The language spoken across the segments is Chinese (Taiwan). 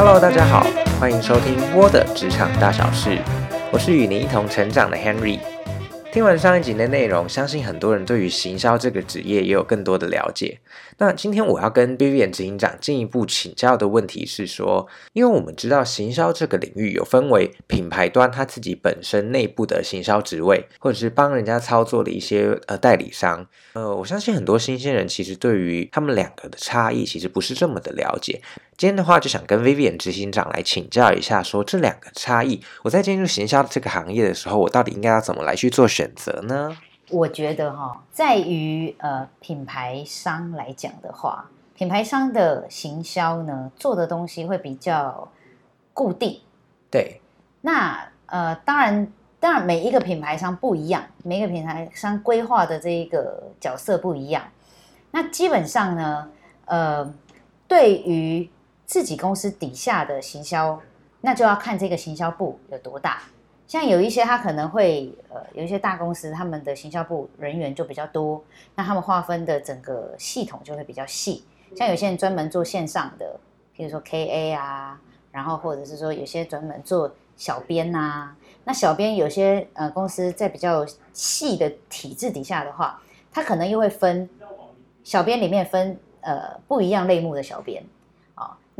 Hello，大家好，歡迎收聽《我的職場大小事》，我是與您一同成長的 Henry。聽完上一集的內容，相信很多人對於行銷這個職業也有更多的了解。那今天我要跟 Vivian 執行長進一步請教的問題是說，因為我們知道行銷這個領域有分為品牌端他自己本身內部的行銷職位，或者是幫人家操作的一些呃代理商。呃，我相信很多新鮮人其實對於他們兩個的差異，其實不是這麼的了解。今天的話就想跟 Vivian 執行長來請教一下，說這兩個差異，我在進入行銷這個行業的時候，我到底應該要怎麼來去做選擇呢？我覺得哈、哦，在於呃品牌商來講的話，品牌商的行銷呢，做的東西會比較固定。對，那呃當然，當然每一個品牌商不一樣，每個品牌商規劃的這一個角色不一樣。那基本上呢，呃，對於自己公司底下的行銷，那就要看這個行銷部有多大。像有一些他可能會，呃，有一些大公司他們的行銷部人員就比較多，那他們劃分的整個系統就會比較細。像有些人專門做線上的，比如說 KA 啊，然後或者是說有些專門做小編吶。那小編有些呃公司在比較細的體制底下的話，他可能又會分小編裡面分呃不一樣類目的小編。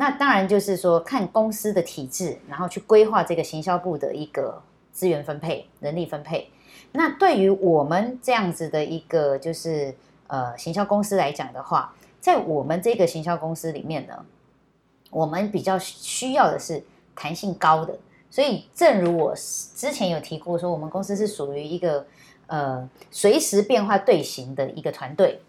那當然就是說，看公司的體制，然後去規劃這個行銷部的一個資源分配、人力分配。那對於我們這樣子的一個就是呃行銷公司來講的話，在我們這個行銷公司裡面呢，我們比較需要的是彈性高的。所以，正如我之前有提過說，說我們公司是屬於一個呃隨時變化隊形的一個團隊。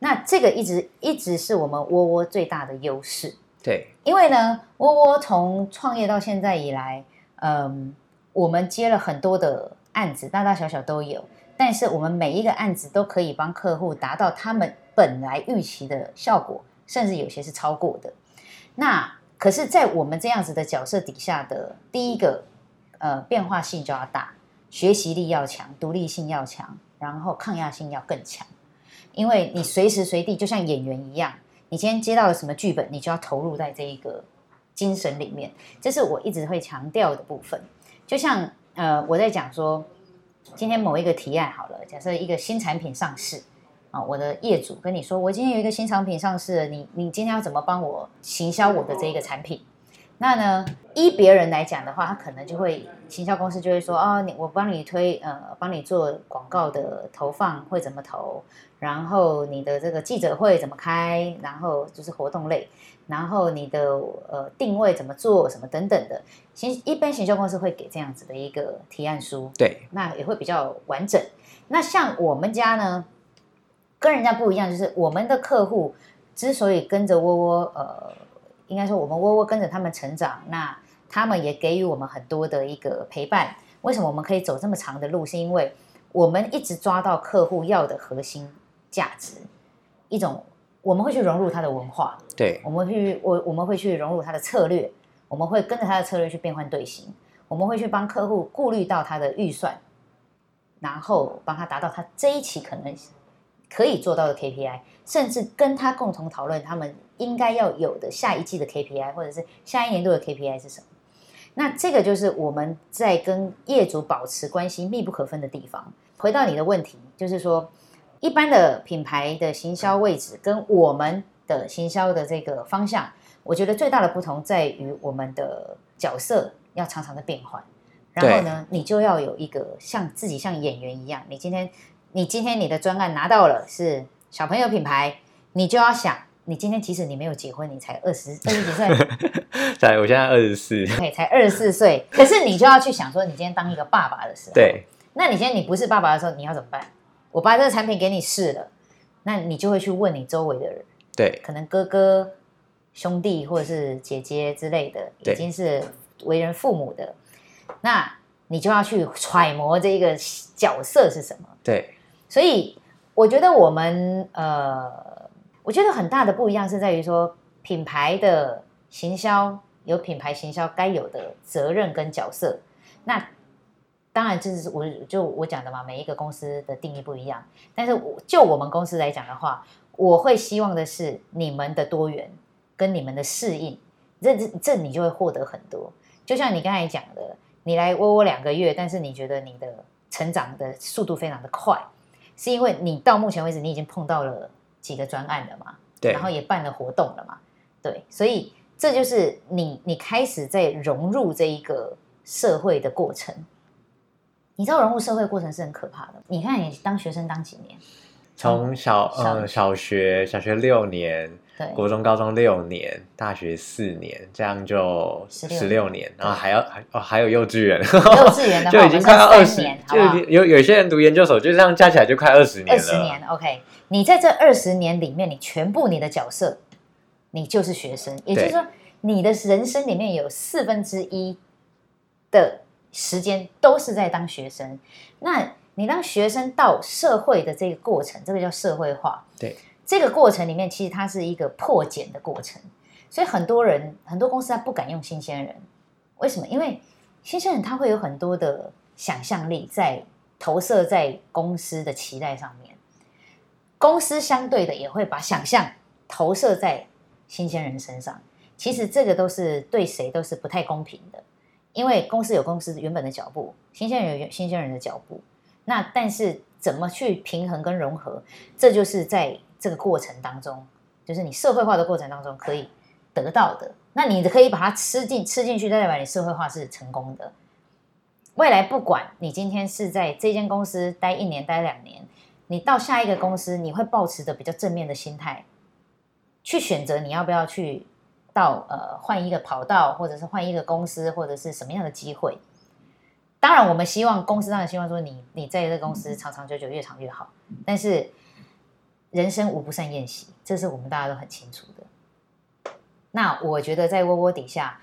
那這個一直一直是我們窩窩最大的優勢。對，因為呢，我我從創業到現在以來，嗯、呃，我們接了很多的案子，大大小小都有。但是我們每一個案子都可以幫客戶達到他們本來預期的效果，甚至有些是超過的。那可是，在我們這樣子的角色底下的第一個，呃，變化性就要大，學習力要強，獨立性要強，然後抗壓性要更強。因為你隨時隨地就像演員一樣。你今天接到了什麼劇本，你就要投入在這一個精神裡面，這是我一直會強調的部分。就像呃，我在講說，今天某一個提案好了，假設一個新產品上市啊，我的業主跟你說，我今天有一個新產品上市，你你今天要怎麼幫我行銷我的這一個產品？那呢，依別人來講的話，他可能就會行銷公司就會說哦，你我幫你推呃，幫你做廣告的投放會怎麼投，然後你的這個記者會怎麼開，然後就是活動類，然後你的呃定位怎麼做什麼等等的，行一般行銷公司會給這樣子的一個提案書。對，那也會比較完整。那像我們家呢，跟人家不一樣，就是我們的客戶之所以跟着窩窩呃。應該說，我們窩窩跟着他們成長，那他們也給予我們很多的一個陪伴。為什麼我們可以走這麼長的路？是因為我們一直抓到客戶要的核心價值，一種我們會去融入他的文化，對，我們去我我們會去融入他的策略，我們會跟着他的策略去變換隊形，我們會去幫客戶顧慮到他的預算，然後幫他達到他這一期可能性。可以做到的 KPI，甚至跟他共同討論他們應該要有的下一季的 KPI，或者是下一年度的 KPI 是什麼。那這個就是我們在跟業主保持關係密不可分的地方。回到你的問題，就是說，一般的品牌的行銷位置跟我們的行銷的這個方向，我覺得最大的不同在於我們的角色要常常的變換。然後呢，你就要有一個像自己像演員一樣，你今天。你今天你的專案拿到了，是小朋友品牌，你就要想，你今天即使你沒有結婚，你才二十，二十幾歲，才我現在二十四，對，才二十四歲，可是你就要去想說，你今天當一個爸爸的時候，對，那你今天你不是爸爸的時候，你要怎麼辦？我把這個產品給你試了，那你就會去問你周圍的人，對，可能哥哥、兄弟或者是姐姐之類的，對已經是為人父母的，那你就要去揣摩這一個角色是什麼，對。所以我覺得我們呃，我覺得很大的不一樣是在於說品牌的行銷有品牌行銷該有的責任跟角色。那當然，這是我就我講的嘛，每一個公司的定義不一樣。但是，我就我們公司來講的話，我會希望的是你們的多元跟你們的適應，這這這你就會獲得很多。就像你剛才講的，你來窩窩兩個月，但是你覺得你的成長的速度非常的快。是因為你到目前為止，你已經碰到了幾個專案了嘛？對，然後也辦了活動了嘛？對，所以這就是你你開始在融入這一個社會的過程。你知道融入社會的過程是很可怕的。你看，你當學生當幾年？從小，嗯，小嗯，小學，小學六年，對，國中、高中六年，大學四年，這樣就十六年，嗯、十六年，然後還要還哦，還有幼稚園，幼稚園的話 就已經快到二十年，就已經有有些人讀研究所，就這樣加起來就快二十年了。二十年，OK，你在這二十年裡面，你全部你的角色，你就是學生，也就是說，對你的人生裡面有四分之一的時間都是在當學生，那。你當學生到社會的這個過程，這個叫社會化。對，這個過程裡面其實它是一個破繭的過程，所以很多人、很多公司他不敢用新鮮人，為什麼？因為新鮮人他會有很多的想象力在投射在公司的期待上面，公司相對的也會把想象投射在新鮮人身上。其實這個都是對誰都是不太公平的，因為公司有公司原本的腳步，新鮮人有新鮮人的腳步。那但是怎麼去平衡跟融合，這就是在這個過程當中，就是你社會化的過程當中可以得到的。那你可以把它吃進吃進去，代表你社會化是成功的。未來不管你今天是在這間公司待一年、待兩年，你到下一個公司，你會抱持着比較正面的心態，去選擇你要不要去到呃換一個跑道，或者是換一個公司，或者是什麼樣的機會。當然，我們希望公司當然希望說，你你在這個公司長長久久，越長越好。但是人生無不散宴席，這是我們大家都很清楚的。那我覺得在窩窩底下，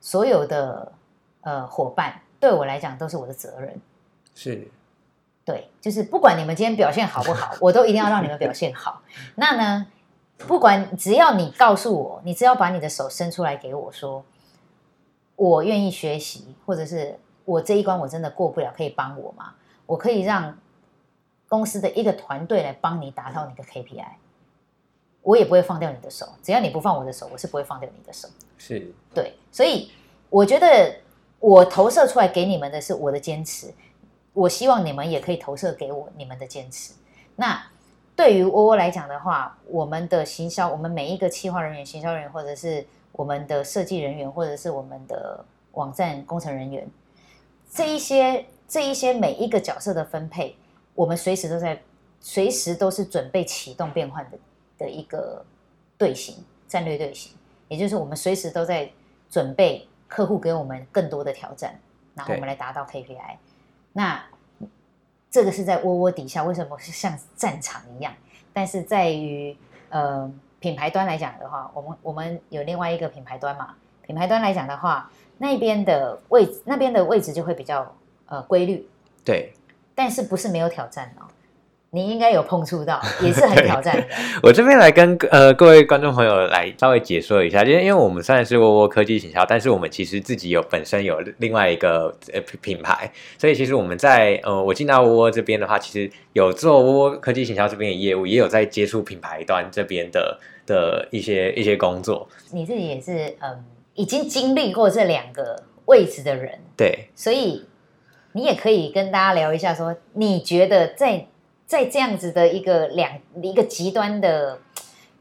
所有的呃夥伴對我來講都是我的責任。是，對，就是不管你們今天表現好不好，我都一定要讓你們表現好。 那呢，不管只要你告訴我，你只要把你的手伸出來給我說，我願意學習，或者是。我這一關我真的過不了，可以幫我嗎？我可以讓公司的一個團隊來幫你達到你的 KPI，我也不會放掉你的手。只要你不放我的手，我是不會放掉你的手。是，對，所以我覺得我投射出來給你們的是我的堅持，我希望你們也可以投射給我你們的堅持。那對於窩窩來講的話，我們的行銷，我們每一個企劃人員、行銷人員，或者是我們的設計人員，或者是我們的網站工程人員，這一些這一些每一個角色的分配，我們隨時都在，隨時都是準備啟動變換的的一個隊形戰略隊形，也就是我們隨時都在準備客戶給我們更多的挑戰，然後我們來達到 KPI。對那這個是在窩窩底下，為什麼是像戰場一樣？但是在於呃品牌端來講的話，我們我們有另外一個品牌端嘛，品牌端來講的話。那邊的位置，那邊的位置就會比較呃規律。對。但是不是沒有挑戰哦？你應該有碰觸到，也是很挑戰 我這邊來跟呃各位觀眾朋友來稍微解說一下，因為因為我們算是窩窩科技行銷，但是我們其實自己有本身有另外一個呃品牌，所以其實我們在呃我進到窩窩這邊的話，其實有做窩窩科技行銷這邊的業務，也有在接觸品牌端這邊的的一些一些工作。你自己也是嗯。已經經歷過這兩個位置的人，對，所以你也可以跟大家聊一下，說你覺得在在這樣子的一個兩一個極端的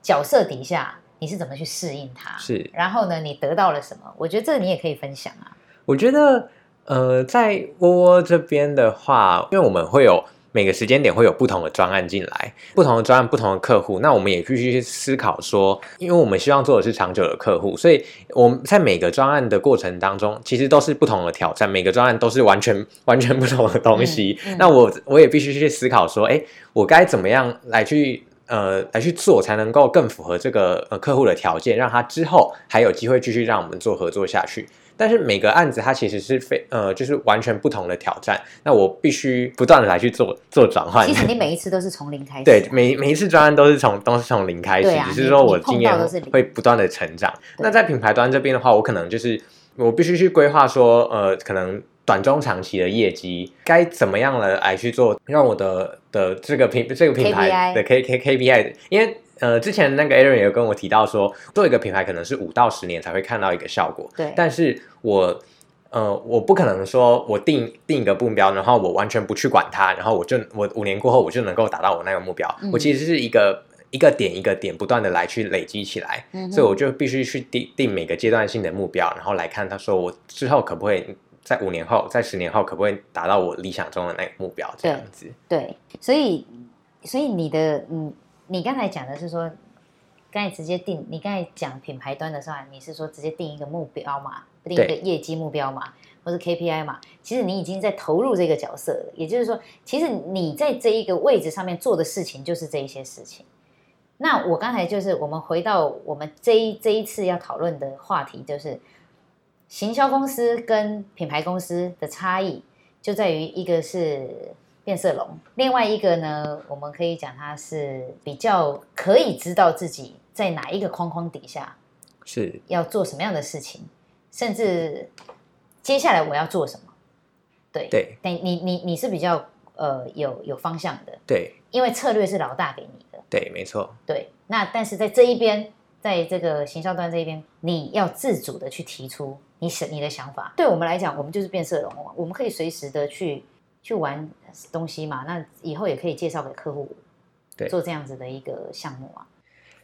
角色底下，你是怎麼去適應它？是，然後呢，你得到了什麼？我覺得這你也可以分享啊。我覺得，呃，在窩窩這邊的話，因為我們會有。每個時間點會有不同的專案進來，不同的專案、不同的客戶，那我們也必須去思考說，因為我們希望做的是長久的客戶，所以我們在每個專案的過程當中，其實都是不同的挑戰，每個專案都是完全完全不同的東西。嗯嗯、那我我也必須去思考說，哎，我該怎麼樣來去。呃，來去做才能夠更符合這個呃客戶的條件，讓他之後還有機會繼續讓我們做合作下去。但是每個案子它其實是非呃就是完全不同的挑戰，那我必須不斷的來去做做轉換。其實你每一次都是從零開始，啊。對，每每一次專案都是從都是從零開始，啊，只是說我經驗我會不斷的成長。啊，那在品牌端這邊的話，我可能就是我必須去規劃說呃可能。短、中、長期的業績該怎麼樣了，來去做，讓我的的這個品這個品牌 K BI 的 K K K P I，因為呃，之前那個 Aaron 也有跟我提到說，做一個品牌可能是五到十年才會看到一個效果。對，但是我呃，我不可能說我定定一個目標，然後我完全不去管它，然後我就我五年過後我就能夠達到我那個目標。嗯、我其實是一個一個點一個點不斷的來去累積起來，嗯、哼所以我就必須去定定每個階段性的目標，然後來看他說我之後可不可以。在五年後，在十年後，可不可以達到我理想中的那個目標？這樣子對。對，所以，所以你的，嗯，你剛才講的是說，剛才直接定，你剛才講品牌端的時候，你是說直接定一個目標嘛，定一個業績目標嘛，對或是 KPI 嘛？其實你已經在投入這個角色了，也就是說，其實你在這一個位置上面做的事情就是這一些事情。那我剛才就是，我們回到我們這一這一次要討論的話題，就是。行銷公司跟品牌公司的差異就在於，一個是變色龍，另外一個呢，我們可以講它是比較可以知道自己在哪一個框框底下，是要做什麼樣的事情，是甚至接下來我要做什麼。對對，但你你你你是比較呃有有方向的，對，因為策略是老大給你的，對，沒錯，對。那但是在這一邊，在這個行銷端這一邊，你要自主的去提出。你想你的想法，對我們來講，我們就是變色龍，我們可以隨時的去去玩東西嘛。那以後也可以介紹給客戶，對，做這樣子的一個項目啊。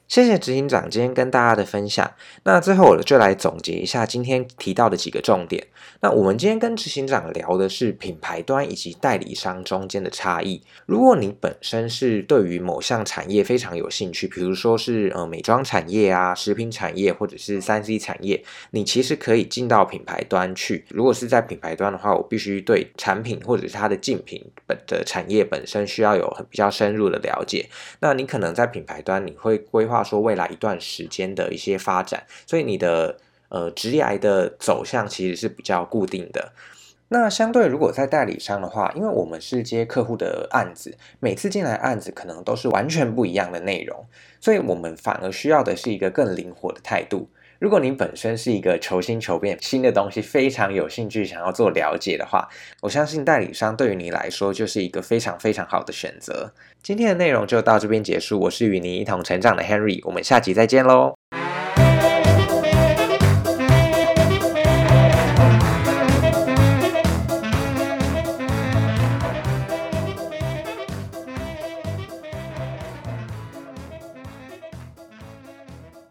謝謝執行長今天跟大家的分享。那最後我就來總結一下今天提到的幾個重點。那我們今天跟執行長聊的是品牌端以及代理商中間的差異。如果你本身是對於某項產業非常有興趣，比如說是呃美妝產業啊、食品產業或者是 3C 產業，你其實可以進到品牌端去。如果是在品牌端的話，我必須對產品或者是它的競品本的產業本身需要有很比較深入的了解。那你可能在品牌端你會規劃。話說未來一段時間的一些發展，所以你的呃職涯的走向其實是比較固定的。那相對如果在代理商的話，因為我們是接客戶的案子，每次進來案子可能都是完全不一樣的內容，所以我們反而需要的是一個更靈活的態度。如果您本身是一個求新求變、新的東西非常有興趣，想要做了解的話，我相信代理商對於你來說就是一個非常非常好的選擇。今天的內容就到這邊結束，我是與你一同成長的 Henry，我們下集再見嘍。